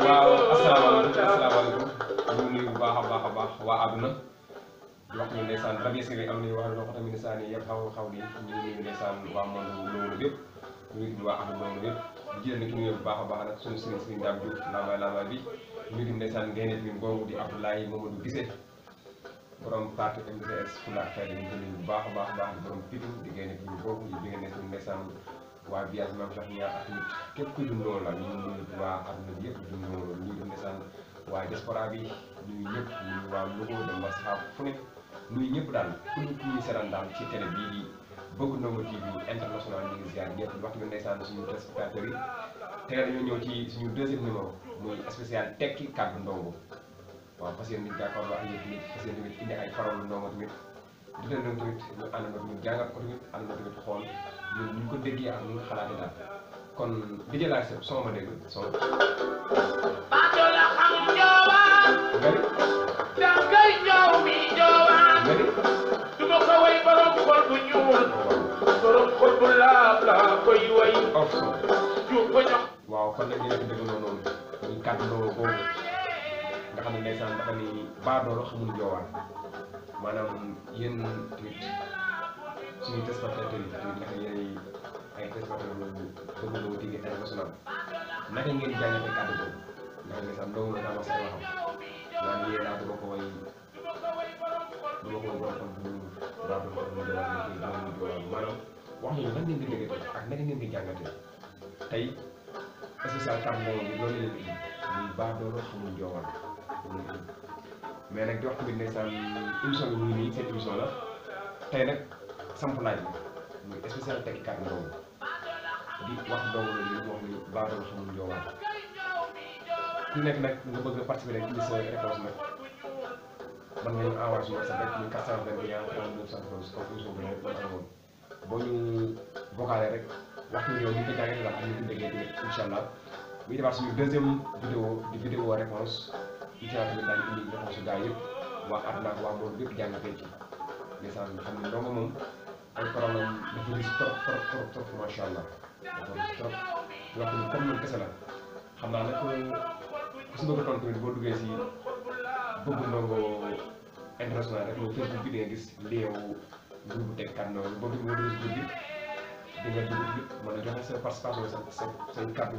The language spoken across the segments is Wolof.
waaw asalaamaaleykum asalaamaaleykum ñu nuyu bu baax a baax a baax waa àdduna di wax ñu ndeysaan rajo Sénégal am wax waa loxo tamit ndeysaan yi yëpp xaw xaw di ñu nuyu ndeysaan waa monde loolu yëpp ñu ngi waa àdduna loolu yëpp di jël nag ñu bu baax a baax nag suñu sëriñ sëriñ Dame Diouf laabaay laabaay bi ñu ngi ndeysaan gaynde bi googu di Abdoulaye borom parti MDS Fula ak bu baax a baax baax di borom pitu di ngeen nekk ñu bokk di ngeen nekk ku dundoo la ñu ngi waa adduna waa diaspora bi ñuy ñëpp ñu ngi waa Louga dem ba Saaf ci télé bii di Bëgg Ndongo TV international ñu ngi ziar ñëpp waxtu bi ndeysaan suñu téléspectateurs yi tey dañoo ñëw suñu deuxième numéro muy spécial tekki kàddu ndongo waaw fas yéene ñu jàkkaarloo ak yéen tamit fas yéene tamit indi ay faral ndongo tamit di leen doon tamit ñu àndandoo ñu jàngat ko tamit àndandoo tamit xool ñun ñu ko déggee ak ñu xalaatee daal kon di jëlaat sa soo ma dégg soo. waaw kon nag ñu nekk dëgg noonu ñu kàddu boobu. nga xam ne ndeysaan dafa ni ngeen jàngate kàddu boobu wax ay waxam ngeen di jàngate tey spécial tàmbali bi loolu leen indi muy mais nag di wax tamit ndeysaan émission bi muy nii seen la tey nag samp laaj bi muy spécial tekki kàddu ndongo di wax wax ku nekk nag nga bëgg a participer ci sa réponse nag mën nga ñu envoyé suñu sa rek muy 421 39 71 rek man amoon boo ñu vocalé wax ñu ñu deuxième vidéo di vidéo réponse incha allah daal di indi jotaay su gaa yëpp waa àdduna ak waa boobu yëpp jàngatee ci ndeysaan nga xam ne ndongo moom alxuraan moom dafa gis trop trop trop trop macha allah dafa gis trop ne comme boo duggee si bëgg ndongo international rek mooy Facebook bi di gis léew groupe teg kàddu ndongo boo duggee boo si groupe bi di nga dugg mën a joxe sa participation sa sa sa kàddu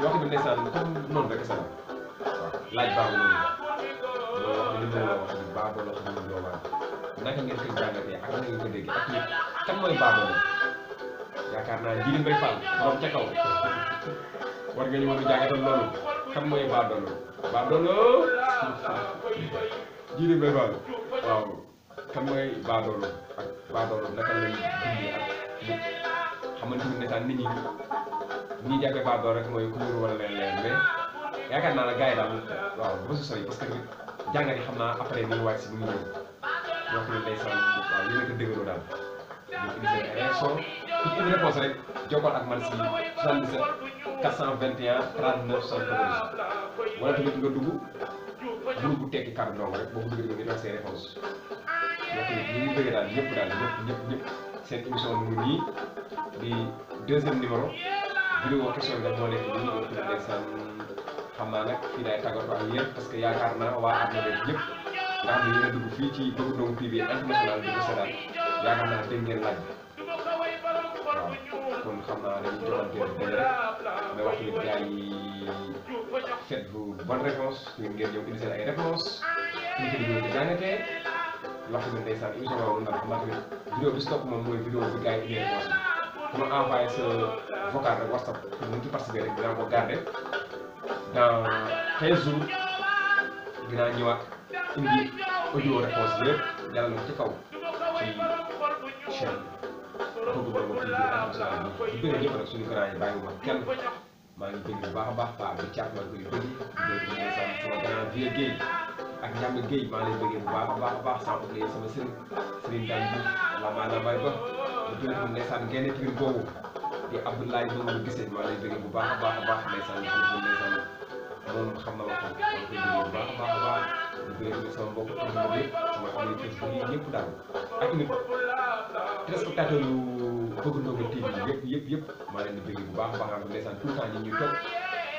yoo xam ne ndeysaan comme noonu rek sa waaw laaj baaxul noonu la li ma la wax ni baaboo la xam ne doo waar naka ngeen koy ko déggee ak mooy baaboo la yaakaar naa jiitu mbay Fall borom ca kaw war nga ñu mën a jàngatal loolu kan mooy baaboo la waaw kan mooy baaboo la ak baaboo la naka lay dindi ak nit xamante ni ndeysaan nit ñi. bu ñuy jàppee baadoo rek mooy ku wóor wala leen leen mais yaakaar naa la gars yi daal waaw ba su sori parce que jàngat yi xam naa après ñu wàcc si si 77 421 39 74 wala daal ñëpp daal ñëpp ñëpp ñëpp seen émission mu nii di deuxième numéro. vidéo waktu saya udah mulai nii donc ndeysaan xam naa nag fii lay tàggatoo ak yéen parce que yaakaar naa waa àdduna bi yëpp nga desa ne yéen a dugg fii ci Bokk Ndongo di ko seetaan yaakaar naa dégg ngeen laaj waaw kon xam naa dañuy joxanteel dañ rek mais wax ni desa yi faites vous bonne réponse ñun ngeen ñëw indi seen ay réponses ñu ci vidéo bi jàngatee wax nga ndeysaan émission stop moom video vidéo bi gars yi ku ma envoyé sa vocal rek WhatsApp pour ñu ci participer rek dinaa ko garder dans 15 jours dinaa ñëwaat indi audio réponse ci kaw ci chaîne bëgg ba ma fii biir international bi ñu bëri ñëpp nag suñu grand yi kenn maa ngi bëgg bu baax a baax paa ngi koy bëgg di bëgg sama sama grand vieux Guèye ak njàng Guèye ngi bëggee bu baax a baax a baax sama sëriñ sëriñ daan bi la maa naa ba jël ko ndeysaan génne ci biir di Abdoulaye Dodo gisee maa lay bëgg bu baax a baax a baax ndeysaan moom ndeysaan moom xam na waxtaan bi bu baax baax baax di bëgg sama mbokku tur bi yëpp am nañu tur bi daal ak yu bëgg TV yëpp yëpp yëpp maa leen di bëgg bu baax a baax ndeysaan tout temps ñu ñuy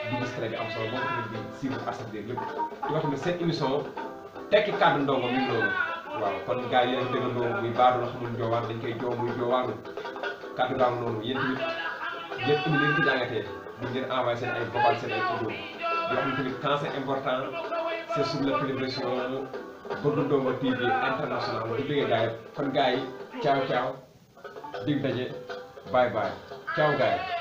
di gis télé bi am solo di suivre askan bi lépp di wax tamit émission tekki kàddu Ndongo mi ngi kon gars yi yéen déggandoo muy baadoo xamul joowaan dañ koy joowaanu kàddu gaam noonu yéen tamit yéen tamit ngeen ko jàngatee seen ay vocal seen ay audio yoo xam ne tamit important c'est sur la télévision Bourbon Ndongo TV international bu déggee gars yi kon gars caaw caaw dig daje bye bye caaw gars